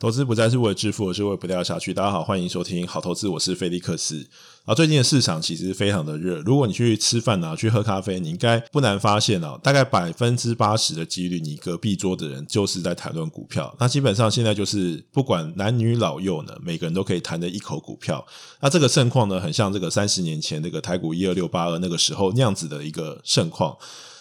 投資不再是為了致富，而是為了不掉下去。大家好，歡迎收聽好投資，我是菲力克斯。啊，最近的市場其實非常的熱。如果你去吃飯啊，去喝咖啡，你應該不難發現哦、啊，大概百分之八十的幾率，你隔壁桌的人就是在談論股票。那基本上現在就是不管男女老幼呢，每個人都可以談得一口股票。那這個盛況呢，很像這個三十年前那個台股一二六八二那個時候那樣子的一個盛況。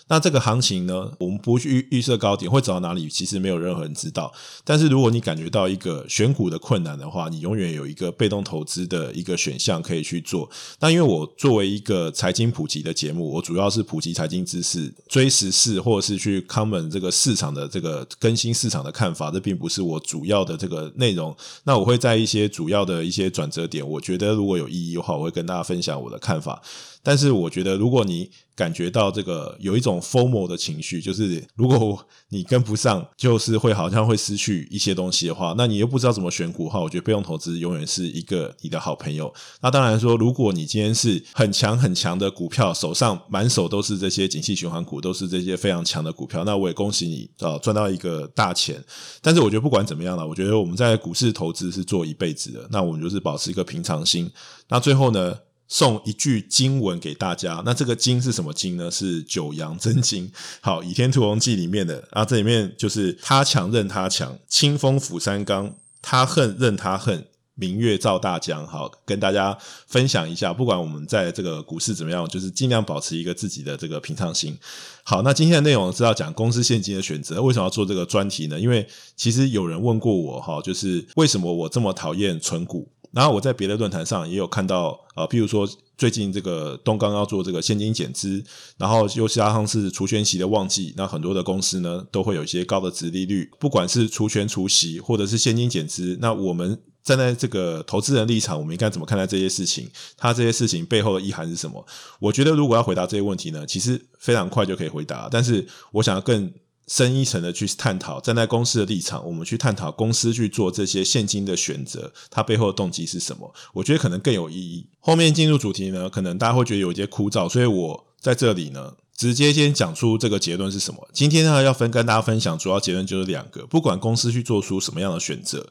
那這個行情呢，我們不去預設高點會走到哪裡，其實沒有任何人知道。但是如果你感覺到一個選股的困難的話，你永遠有一個被動投資的一個選項可以去做。那因為我作為一個財經普及的節目，我主要是普及財經知識、追時事或者是去看本這個市場的這個更新市場的看法，這並不是我主要的這個內容。那我會在一些主要的一些轉折點，我覺得如果有意義的話，我會跟大家分享我的看法。但是我覺得如果你感覺到這個有一種瘋魔的情緒，就是如果你跟不上，就是會好像會失去一些東西的話，那你又不知道怎麼選股的話，我覺得被動投資永遠是一個你的好朋友。那當然說，如果你今天是很強很強的股票，手上滿手都是這些景氣循環股，都是這些非常強的股票，那我也恭喜你啊，賺到一個大錢。但是我覺得不管怎麼樣啦，我覺得我們在股市投資是做一輩子的，那我們就是保持一個平常心。那最後呢？送一句經文給大家，那這個經是什麼經呢？是《九陽真經》。好，《倚天屠龍記》裡面的，啊，這裡面就是他強任他強，清風拂山岡；他恨任他恨，明月照大江。好，跟大家分享一下，不管我們在這個股市怎麼樣，就是盡量保持一個自己的這個平常心。好，那今天的內容是要講公司現金的選擇。為什麼要做這個專題呢？因為其實有人問過我，哈，就是為什麼我這麼討厭存股？然後我在別的論壇上也有看到，呃，譬如說最近這個東鋼要做這個現金減資，然後又加上是除權息的旺季，那很多的公司呢都會有一些高的殖利率，不管是除權除息或者是現金減資，那我們站在這個投資人立場，我們應該怎麼看待這些事情？它這些事情背後的意涵是什麼？我覺得如果要回答這些問題呢，其實非常快就可以回答，但是我想要更。深一層的去探討，站在公司的立場，我們去探討公司去做這些現金的選擇，它背後的動機是什麼？我覺得可能更有意義。後面進入主題呢，可能大家會覺得有一些枯燥，所以我在這裡呢，直接先講出這個結論是什麼。今天呢，要分跟大家分享主要結論就是兩個，不管公司去做出什麼樣的選擇，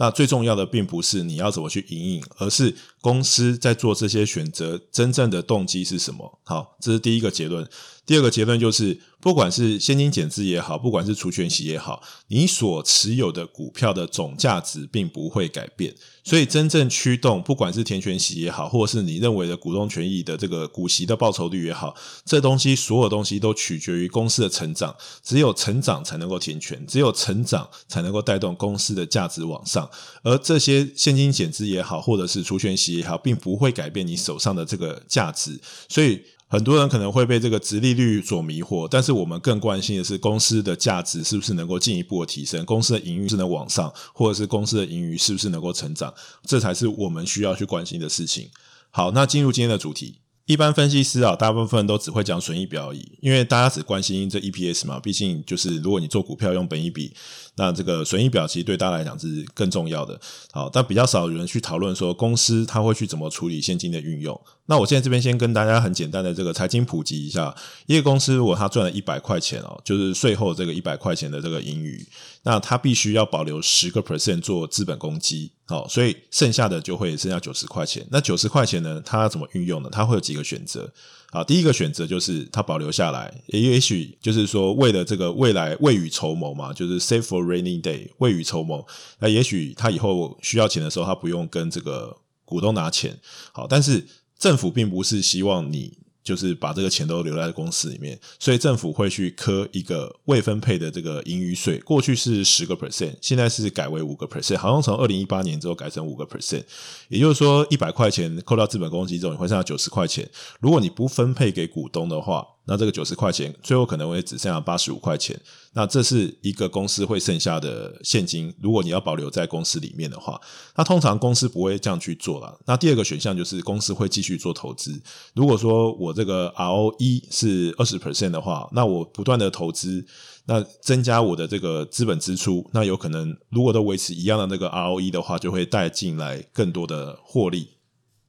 那最重要的並不是你要怎麼去因應，而是公司在做這些選擇真正的動機是什麼。好，這是第一個結論。第二個結論就是，不管是現金減資也好，不管是除權息也好，你所持有的股票的總價值並不會改變。所以，真正驅動不管是填權息也好，或者是你認為的股東權益的這個股息的報酬率也好，這東西所有東西都取決於公司的成長。只有成長才能夠填權，只有成長才能夠帶動公司的價值往上。而這些現金減資也好，或者是除權息也好，並不會改變你手上的這個價值。所以。很多人可能會被這個殖利率所迷惑，但是我們更關心的是公司的價值是不是能夠進一步的提升，公司的盈餘是能往上，或者是公司的盈餘是不是能夠成長，這才是我們需要去關心的事情。好，那進入今天的主題。一般分析師啊，大部分都只會講損益表而已，因為大家只關心這 EPS 嘛。畢竟就是如果你做股票用本益比，那這個損益表其實對大家來講是更重要的。好，但比較少有人去討論說公司他會去怎麼處理現金的運用。那我現在這邊先跟大家很簡單的這個財經普及一下：一個公司如果它賺了一百塊錢哦，就是稅後這個一百塊錢的這個盈餘。那他必須要保留十個 percent 做資本公積，好，所以剩下的就會剩下九十塊錢。那九十塊錢呢，他要怎麼運用呢？他會有幾個選擇。好，第一個選擇就是他保留下來，也許就是說為了這個未來未雨綢繆嘛，就是 save for rainy day，未雨綢繆。那也許他以後需要錢的時候，他不用跟這個股東拿錢。好，但是政府並不是希望你。就是把這個錢都留在公司裡面，所以政府會去扣一個未分配的這個盈餘稅。過去是十個 percent，現在是改為五個 percent，好像從二零一八年之後改成五個 percent。也就是說，一百塊錢扣到資本公積之後，你會剩下九十塊錢，如果你不分配給股東的話。那這個九十塊錢，最後可能會只剩下八十五塊錢。那這是一個公司會剩下的現金，如果你要保留在公司裡面的話，那通常公司不會這樣去做啦。那第二個選項就是公司會繼續做投資。如果說我這個 ROE 是二十 percent 的話，那我不斷的投資，那增加我的這個資本支出，那有可能如果都維持一樣的那個 ROE 的話，就會帶進來更多的獲利。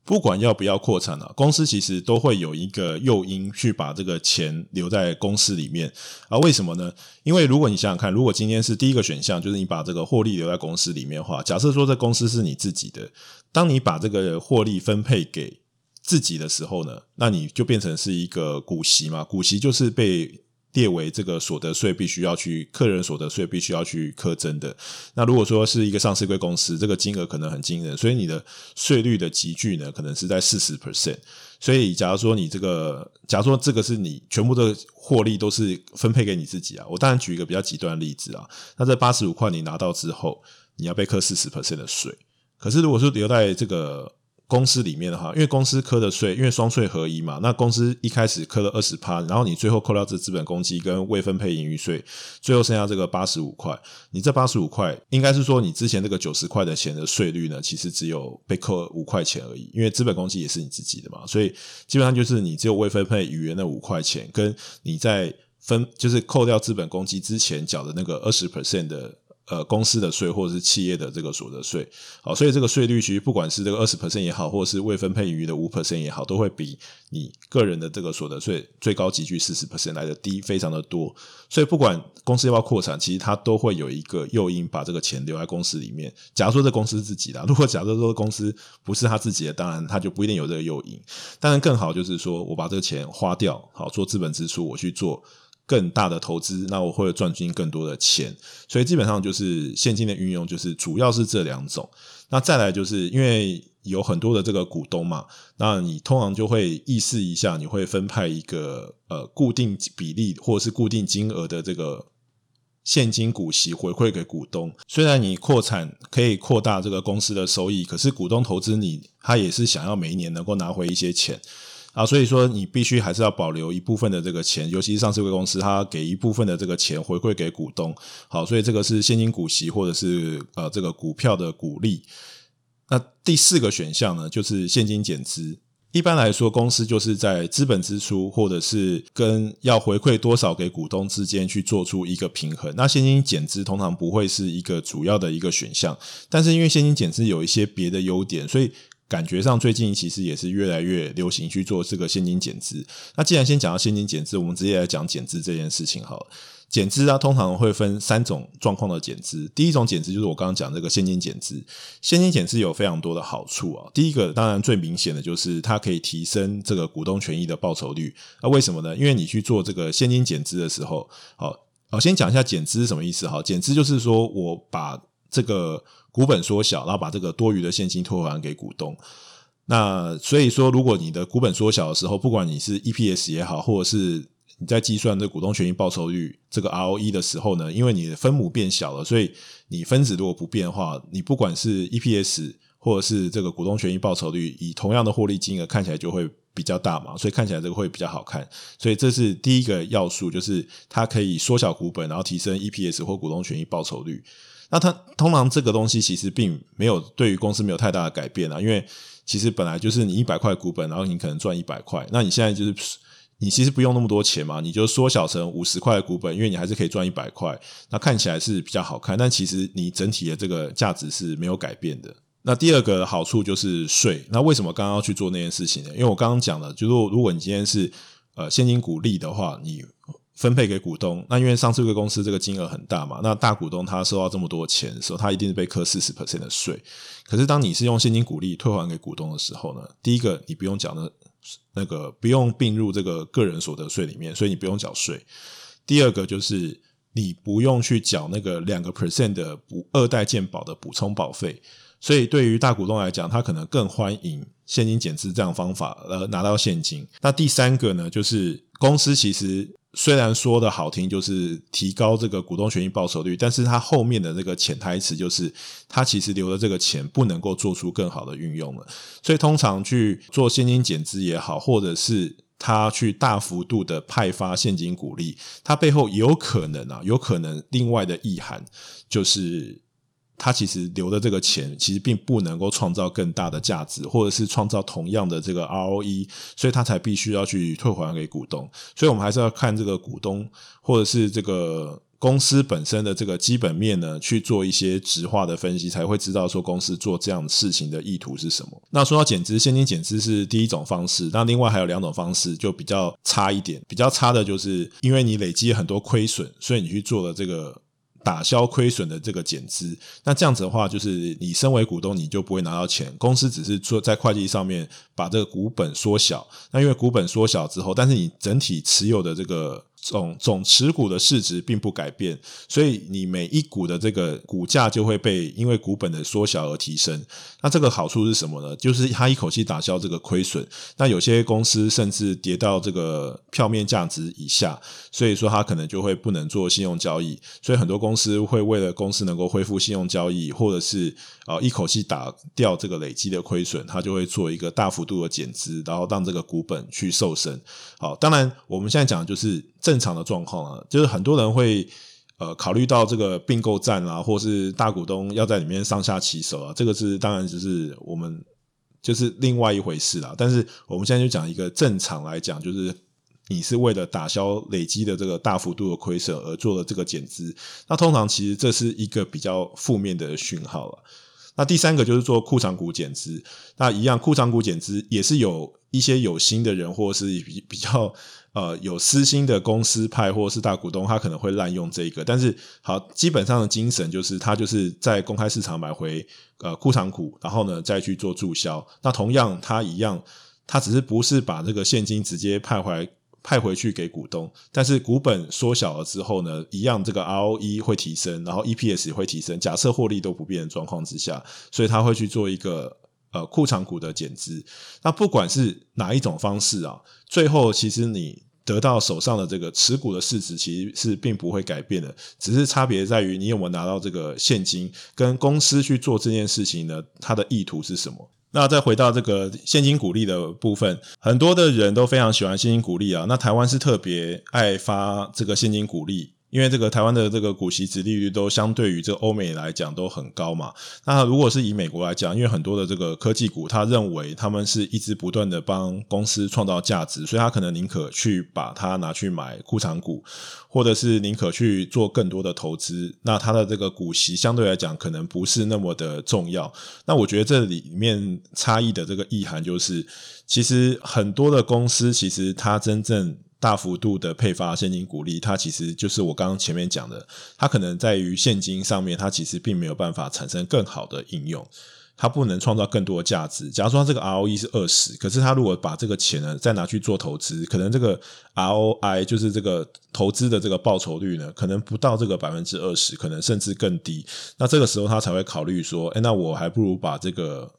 不管要不要擴產了，公司其實都會有一個誘因去把這個錢留在公司裡面。啊，為什麼呢？因為如果你想想看，如果今天是第一個選項，就是你把這個獲利留在公司裡面的話，假設說這公司是你自己的，當你把這個獲利分配給自己的時候呢，那你就變成是一個股息嘛，股息就是被。列為這個所得稅必須要去，個人所得稅必須要去課徵的。那如果說是一個上市櫃公司，這個金額可能很驚人，所以你的稅率的級距呢，可能是在四十 percent。所以假如說你這個，假如說這個是你全部的獲利都是分配給你自己啊，我當然舉一個比較極端的例子啊，那這八十五塊你拿到之後，你要被課四十 percent 的稅。可是如果說留在這個。公司裡面的話，因為公司扣的稅，因為雙稅合一嘛，那公司一開始扣了二十趴，然後你最後扣掉這資本公積跟未分配盈餘稅，最後剩下這個八十五塊。你這八十五塊應該是說你之前這個九十塊的錢的稅率呢，其實只有被扣五塊錢而已，因為資本公積也是你自己的嘛，所以基本上就是你只有未分配盈餘的五塊錢，跟你在分，就是扣掉資本公積之前繳的那個二十 percent 的，呃，公司的稅或者是企業的這個所得稅，好，所以這個稅率其實不管是這個二十 percent 也好，或者是未分配盈餘的五 percent 也好，都會比你個人的這個所得稅最高級距四十 percent 來得低，非常的多。所以不管公司要不要擴產，其實它都會有一個誘因，把這個錢留在公司裡面。假如說這公司自己啦，如果假如說這公司不是他自己的，當然他就不一定有這個誘因。當然更好就是說我把這個錢花掉，好，做資本支出，我去做。更大的投資，那我會賺進更多的錢，所以基本上就是現金的運用，就是主要是這兩種。那再來就是因為有很多的這個股東嘛，那你通常就會意思一下，你會分派一個呃固定比例或者是固定金額的這個現金股息回饋給股東。雖然你擴產可以擴大這個公司的收益，可是股東投資你，他也是想要每一年能夠拿回一些錢。啊，所以說你必須還是要保留一部分的這個錢，尤其是上市櫃公司，它給一部分的這個錢回饋給股東。好，所以這個是現金股息或者是呃這個股票的股利。那第四個選項呢，就是現金減資。一般來說，公司就是在資本支出或者是跟要回饋多少給股東之間去做出一個平衡。那現金減資通常不會是一個主要的一個選項，但是因為現金減資有一些別的優點，所以。感覺上最近其實也是越來越流行去做這個現金減資。那既然先講到現金減資，我們直接來講減資這件事情哈。減資它通常會分三種狀況的減資。第一種減資就是我剛剛講這個現金減資。現金減資有非常多的好處啊。第一個當然最明顯的就是它可以提升這個股東權益的報酬率啊。那為什麼呢？因為你去做這個現金減資的時候，好，我先講一下減資什麼意思哈。減資就是說我把這個股本縮小，然後把這個多餘的現金退還給股東。那所以說，如果你的股本縮小的時候，不管你是 EPS 也好，或者是你在計算這股東權益報酬率這個 ROE 的時候呢，因為你的分母變小了，所以你分子如果不變的話，你不管是 EPS 或者是這個股東權益報酬率，以同樣的獲利金額看起來就會比較大嘛，所以看起來這個會比較好看。所以這是第一個要素，就是它可以縮小股本，然後提升 EPS 或股東權益報酬率。那它通常這個東西其實並沒有對於公司沒有太大的改變啊，因為其實本來就是你一百塊股本，然後你可能賺一百塊，那你現在就是你其實不用那麼多錢嘛，你就縮小成五十塊的股本，因為你還是可以賺一百塊，那看起來是比較好看，但其實你整體的這個價值是沒有改變的。那第二個好處就是稅，那為什麼剛剛要去做那件事情呢？因為我剛剛講了，就是如果你今天是呃現金股利的話，你，分配給股東，那因為上市櫃公司這個金額很大嘛，那大股東他收到這麼多錢的時候，他一定是被課四十 percent 的稅。可是當你是用現金股利退還給股東的時候呢，第一個你不用繳那那個、那個、不用併入這個個人所得稅裡面，所以你不用繳稅。第二個就是你不用去繳那個兩個 percent 的二代健保的補充保費，所以對於大股東來講，他可能更歡迎現金減資這樣方法，呃拿到現金。那第三個呢，就是公司其實。雖然說的好聽，就是提高這個股東權益報酬率，但是它後面的這個潛台詞就是，它其實留的這個錢不能夠做出更好的運用了。所以通常去做現金減資也好，或者是他去大幅度的派發現金股利，它背後有可能啊，有可能另外的意涵就是。他其實留的這個錢，其實並不能夠創造更大的價值，或者是創造同樣的這個 ROE，所以他才必須要去退還給股東。所以我們還是要看這個股東或者是這個公司本身的這個基本面呢，去做一些質化的分析，才會知道說公司做這樣的事情的意圖是什麼。那說到減資，現金減資是第一種方式，那另外還有兩種方式就比較差一點，比較差的就是因為你累積了很多虧損，所以你去做了這個。打消虧損的這個減資，那這樣子的話，就是你身為股東，你就不會拿到錢，公司只是說在會計上面把這個股本縮小。那因為股本縮小之後，但是你整體持有的這個。總總持股的市值並不改變，所以你每一股的這個股價就會被因為股本的縮小而提升。那這個好處是什麼呢？就是它一口氣打消這個虧損。那有些公司甚至跌到這個票面價值以下，所以說它可能就會不能做信用交易。所以很多公司會為了公司能夠恢復信用交易，或者是。啊，一口氣打掉這個累積的虧損，它就會做一個大幅度的減資，然後讓這個股本去瘦身。好，當然我們現在講的就是正常的狀況啊，就是很多人會呃考慮到這個併購戰啊，或是大股東要在裡面上下其手啊，這個是當然就是我們就是另外一回事啦。但是我們現在就講一個正常來講，就是你是為了打消累積的這個大幅度的虧損而做了這個減資，那通常其實這是一個比較負面的訊號了。那第三個就是做庫藏股減資，那一樣庫藏股減資也是有一些有心的人或是比比較呃有私心的公司派或者是大股東，他可能會濫用這個，但是好，基本上的精神就是他就是在公開市場買回呃庫藏股，然後呢再去做注銷。那同樣，他一樣，他只是不是把這個現金直接派回來。派回去給股東，但是股本縮小了之後呢，一樣這個 ROE 會提升，然後 EPS 也會提升。假設獲利都不變的狀況之下，所以他會去做一個呃，庫藏股的減資。那不管是哪一種方式啊，最後其實你得到手上的這個持股的市值其實是並不會改變的，只是差別在於你有沒有拿到這個現金，跟公司去做這件事情呢？它的意圖是什麼？那再回到這個現金股利的部分，很多的人都非常喜歡現金股利啊，那台灣是特別愛發這個現金股利。因為這個台灣的這個股息殖利率都相對於這個歐美來講都很高嘛。那如果是以美國來講，因為很多的這個科技股，他認為他們是一直不斷的幫公司創造價值，所以他可能寧可去把它拿去買庫存股，或者是寧可去做更多的投資。那它的這個股息相對來講可能不是那麼的重要。那我覺得這裡面差異的這個意涵就是，其實很多的公司其實它真正。大幅度的配發現金股利，它其實就是我剛剛前面講的，它可能在於現金上面，它其實並沒有辦法產生更好的應用，它不能創造更多的價值。假如說它這個 ROE 是二十，可是它如果把這個錢呢再拿去做投資，可能這個 ROI 就是這個投資的這個報酬率呢，可能不到這個百分之二十，可能甚至更低。那這個時候，它才會考慮說，哎，那我還不如把這個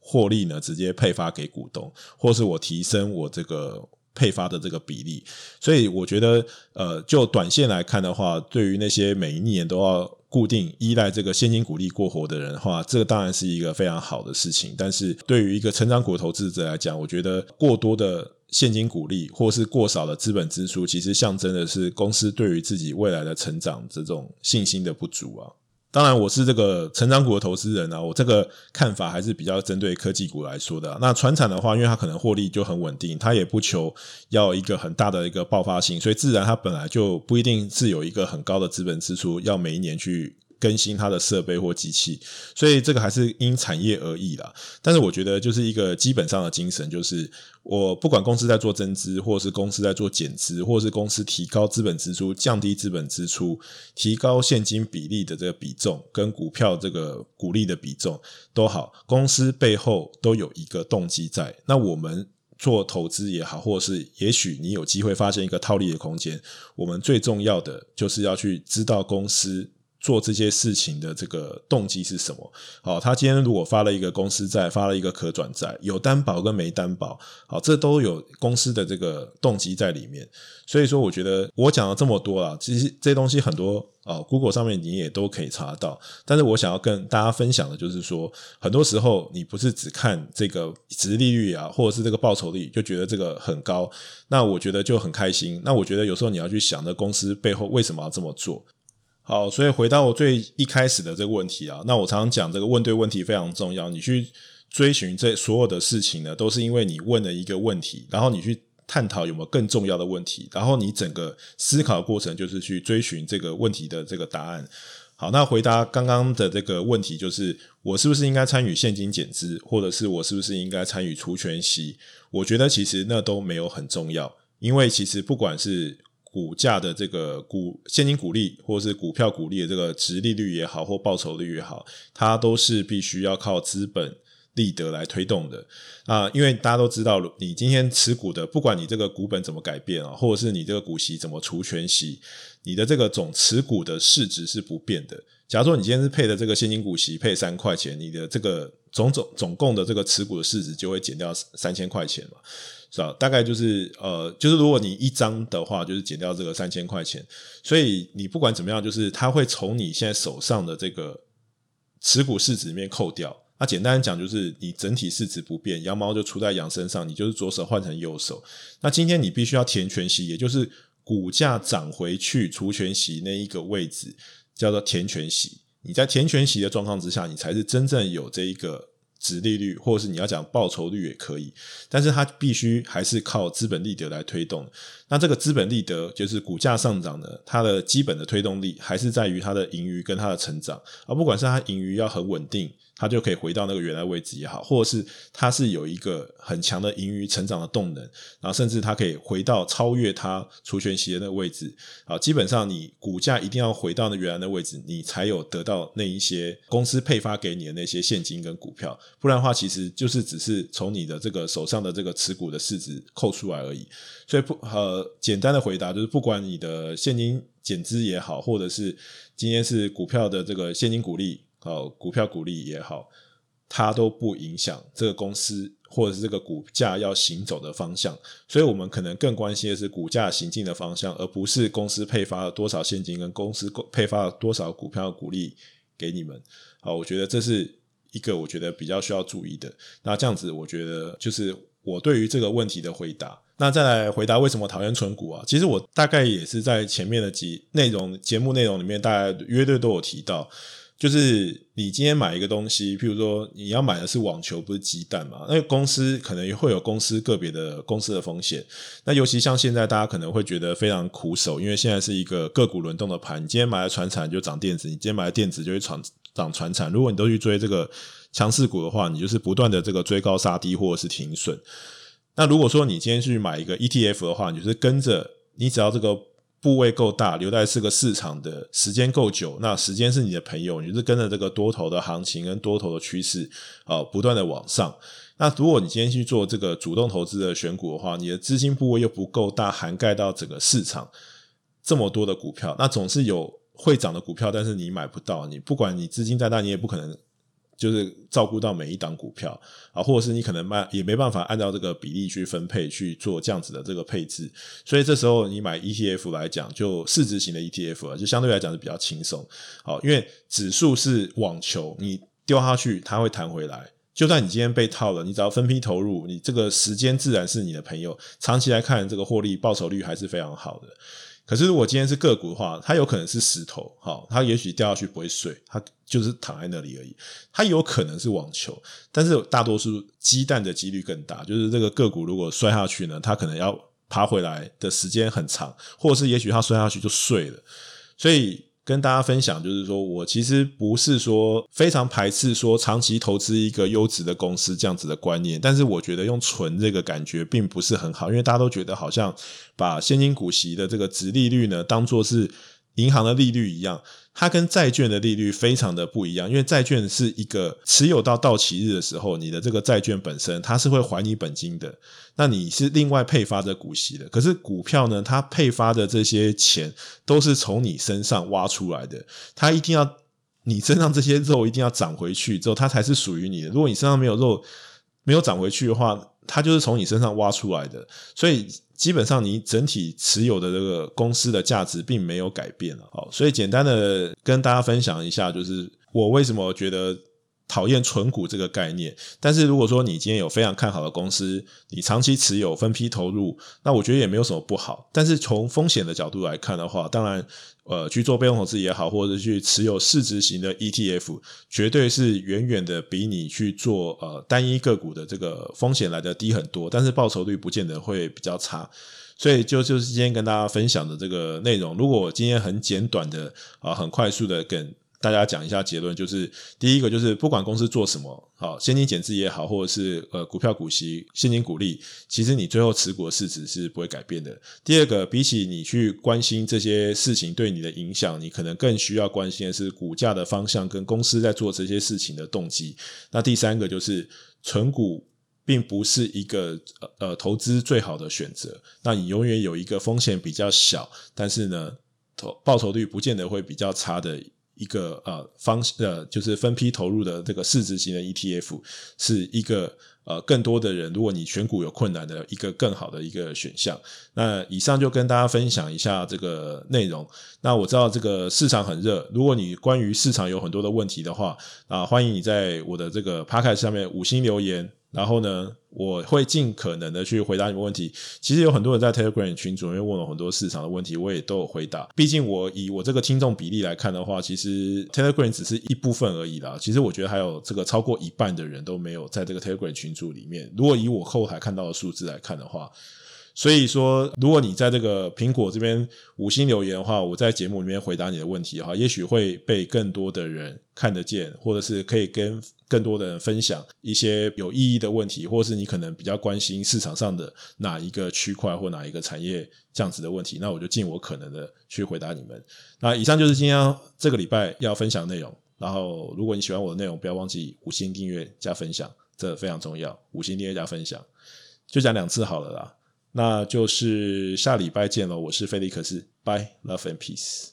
獲利呢直接配發給股東，或是我提升我這個。配發的這個比例，所以我覺得，呃，就短線來看的話，對於那些每一年都要固定依賴這個現金股利過活的人的話，這個當然是一個非常好的事情。但是對於一個成長股投資者來講，我覺得過多的現金股利或是過少的資本支出，其實象徵的是公司對於自己未來的成長這種信心的不足啊。當然，我是這個成長股的投資人啊，我這個看法還是比較針對科技股來說的啊。那傳產的話，因為它可能獲利就很穩定，它也不求要一個很大的一個爆發性，所以自然它本來就不一定是有一個很高的資本支出，要每一年去。更新它的設備或機器，所以這個還是因產業而異啦。但是我覺得，就是一個基本上的精神，就是我不管公司在做增資，或者是公司在做減資，或者是公司提高資本支出、降低資本支出、提高現金比例的這個比重，跟股票這個股利的比重都好，公司背後都有一個動機在。那我們做投資也好，或者是也許你有機會發現一個套利的空間，我們最重要的就是要去知道公司。做這些事情的這個動機是什麼？好，他今天如果發了一個公司債，發了一個可轉債，有擔保跟沒擔保，好，這都有公司的這個動機在裡面。所以說，我覺得我講了這麼多啊，其實這東西很多啊，Google 上面你也都可以查到。但是我想要跟大家分享的就是說，很多時候你不是只看這個殖利率啊，或者是這個報酬率，就覺得這個很高，那我覺得就很開心。那我覺得有時候你要去想，這公司背後為什麼要這麼做？好，所以回到我最一開始的這個問題啊，那我常常講這個問對問題非常重要。你去追尋這所有的事情呢，都是因為你問了一個問題，然後你去探討有沒有更重要的問題，然後你整個思考的過程就是去追尋這個問題的這個答案。好，那回答剛剛的這個問題，就是我是不是應該參與現金減資，或者是我是不是應該參與除權息？我覺得其實那都沒有很重要，因為其實不管是股價的這個股現金股利，或者是股票股利的這個殖利率也好，或報酬率也好，它都是必須要靠資本利得來推動的啊。因為大家都知道，你今天持股的，不管你這個股本怎麼改變啊，或者是你這個股息怎麼除權息，你的這個總持股的市值是不變的。假如說你今天是配的這個現金股息，配三塊錢，你的這個總總總共的這個持股的市值就會減掉三千塊錢嘛。是啊，大概就是呃，就是如果你一張的話，就是減掉這個三千塊錢。所以你不管怎麼樣，就是它會從你現在手上的這個持股市值裡面扣掉。那、啊、簡單講，就是你整體市值不變，羊毛就出在羊身上，你就是左手換成右手。那今天你必須要填權息，也就是股價漲回去除權息那一個位置，叫做填權息。你在填權息的狀況之下，你才是真正有這一個。殖利率，或者是你要講報酬率也可以，但是它必須還是靠資本利得來推動。那這個資本利得就是股價上漲呢，它的基本的推動力還是在於它的盈餘跟它的成長。而不管是它盈餘要很穩定。它就可以回到那個原來位置也好，或者是它是有一個很強的盈餘成長的動能，然後甚至它可以回到超越它除權息的那個位置。好，基本上你股價一定要回到那原來的位置，你才有得到那一些公司配發給你的那些現金跟股票。不然的話，其實就是只是從你的這個手上的這個持股的市值扣出來而已。所以不呃，簡單的回答就是，不管你的現金減資也好，或者是今天是股票的這個現金股利。好，股票股利也好，它都不影響這個公司或者是這個股價要行走的方向，所以我們可能更關心的是股價行進的方向，而不是公司配發了多少現金跟公司配發了多少股票股利給你們。好，我覺得這是一個我覺得比較需要注意的。那這樣子，我覺得就是我對於這個問題的回答。那再來回答為什麼我討厭存股啊？其實我大概也是在前面的幾集內容節目內容裡面，大家約隊都有提到。就是你今天買一個東西，譬如說你要買的是網球，不是雞蛋嘛？那個、公司可能會有公司個別的公司的風險。那尤其像現在大家可能會覺得非常苦手，因為現在是一個個股輪動的盤。你今天買了傳產就漲電子，你今天買了電子就會漲、漲傳產。如果你都去追這個強勢股的話，你就是不斷的這個追高殺低或者是停損。那如果說你今天去買一個 ETF 的話，你就是跟着你只要這個。部位夠大，留在這個市場的時間夠久，那時間是你的朋友，你是跟着這個多頭的行情跟多頭的趨勢，呃，不斷的往上。那如果你今天去做這個主動投資的選股的話，你的資金部位又不夠大，涵蓋到整個市場這麼多的股票，那總是有會漲的股票，但是你買不到，你不管你資金再大，你也不可能。就是照顧到每一檔股票啊，或者是你可能賣也沒辦法按照這個比例去分配，去做這樣子的這個配置，所以這時候你買 ETF 來講，就市值型的 ETF 就相對來講是比較輕鬆，好，因為指數是網球，你丟下去它會彈回來，就算你今天被套了，你只要分批投入，你這個時間自然是你的朋友，長期來看這個獲利報酬率還是非常好的。可是，如果今天是個股的話，它有可能是石頭，哈，它也許掉下去不會碎，它就是躺在那裡而已。它有可能是網球，但是大多數雞蛋的幾率更大。就是這個個股如果摔下去呢，它可能要爬回來的時間很長，或者是也許它摔下去就碎了，所以。跟大家分享，就是說我其實不是說非常排斥說長期投資一個優質的公司這樣子的觀念，但是我覺得用存這個感覺並不是很好，因為大家都覺得好像把現金股息的這個殖利率呢，當做是銀行的利率一樣。它跟債券的利率非常的不一樣，因為債券是一個持有到到期日的時候，你的這個債券本身它是會還你本金的，那你是另外配發的股息的。可是股票呢，它配發的這些錢都是從你身上挖出來的，它一定要你身上這些肉一定要漲回去之後，它才是屬於你的。如果你身上沒有肉，沒有漲回去的話。它就是從你身上挖出來的，所以基本上你整體持有的這個公司的價值並沒有改變了。好，所以簡單的跟大家分享一下，就是我為什麼覺得。討厭純股這個概念，但是如果說你今天有非常看好的公司，你長期持有、分批投入，那我覺得也沒有什麼不好。但是從風險的角度來看的話，當然，呃，去做被用投資也好，或者去持有市值型的 ETF，絕對是遠遠的比你去做呃單一個股的這個風險來的低很多。但是報酬率不見得會比較差。所以就就是今天跟大家分享的這個內容。如果我今天很簡短的啊、呃，很快速的跟。大家講一下結論，就是第一個就是不管公司做什麼，好，現金減資也好，或者是呃股票股息、現金股利，其實你最後持股的市值是不會改變的。第二個，比起你去關心這些事情對你的影響，你可能更需要關心的是股價的方向跟公司在做這些事情的動機。那第三個就是存股並不是一個呃投資最好的選擇。那你永遠有一個風險比較小，但是呢投報酬率不見得會比較差的，一個呃方，呃就是分批投入的這個市值型的 ETF 是一個呃更多的人，如果你選股有困難的一個更好的一個選項。那以上就跟大家分享一下這個內容。那我知道這個市場很熱，如果你關於市場有很多的問題的話啊、呃，歡迎你在我的這個 Podcast 上面五星留言。然後呢，我會盡可能的去回答你們問題。其實有很多人在 Telegram 群組裡面問了很多市場的問題，我也都有回答。畢竟我以我這個聽眾比例來看的話，其實 Telegram 只是一部分而已啦。其實我覺得還有這個超過一半的人都沒有在這個 Telegram 群組裡面。如果以我後台看到的數字來看的話。所以說，如果你在這個蘋果這邊五星留言的話，我在節目裡面回答你的問題的話，也許會被更多的人看得見，或者是可以跟更多的人分享一些有意義的問題，或者是你可能比較關心市場上的哪一個區塊或哪一個產業這樣子的問題，那我就盡我可能的去回答你們。那以上就是今天這個禮拜要分享內容。然後，如果你喜歡我的內容，不要忘記五星訂閱加分享，這非常重要。五星訂閱加分享，就講兩次好了啦。那就是下禮拜見嘍，我是菲力克斯，拜，love and peace。